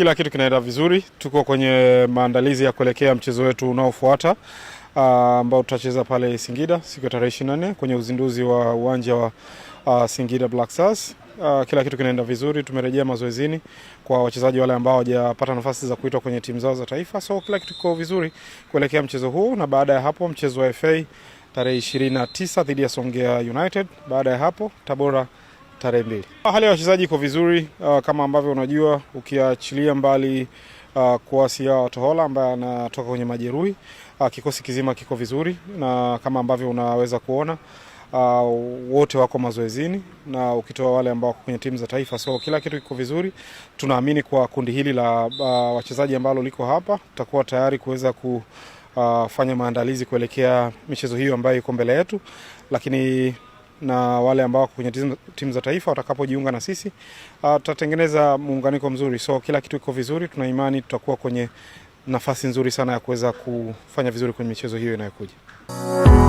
Kila kitu kinaenda vizuri, tuko kwenye maandalizi ya kuelekea mchezo wetu unaofuata ah, ambao tutacheza pale Singida siku ya tarehe 24 kwenye uzinduzi wa uwanja wa uh, Singida Black Stars. Uh, kila kitu kinaenda vizuri, tumerejea mazoezini kwa wachezaji wale ambao hawajapata nafasi za kuitwa kwenye timu zao za taifa, so kila kitu kiko vizuri kuelekea mchezo huu, na baada ya hapo mchezo wa FA tarehe 29 dhidi ya Songea United. Baada ya hapo Tabora tarehe mbili. Ah, hali ya wachezaji iko vizuri uh, kama ambavyo unajua ukiachilia mbali uh, ah, kuasia Watohola ambaye anatoka kwenye majeruhi uh, kikosi kizima kiko vizuri na kama ambavyo unaweza kuona Uh, wote wako mazoezini na ukitoa wale ambao wako kwenye timu za taifa, so kila kitu kiko vizuri. Tunaamini kwa kundi hili la uh, wachezaji ambalo liko hapa tutakuwa tayari kuweza kufanya uh, maandalizi kuelekea michezo hiyo ambayo iko mbele yetu, lakini na wale ambao wako kwenye timu za taifa watakapojiunga na sisi ah, tutatengeneza muunganiko mzuri. So kila kitu kiko vizuri, tuna imani tutakuwa kwenye nafasi nzuri sana ya kuweza kufanya vizuri kwenye michezo hiyo inayokuja.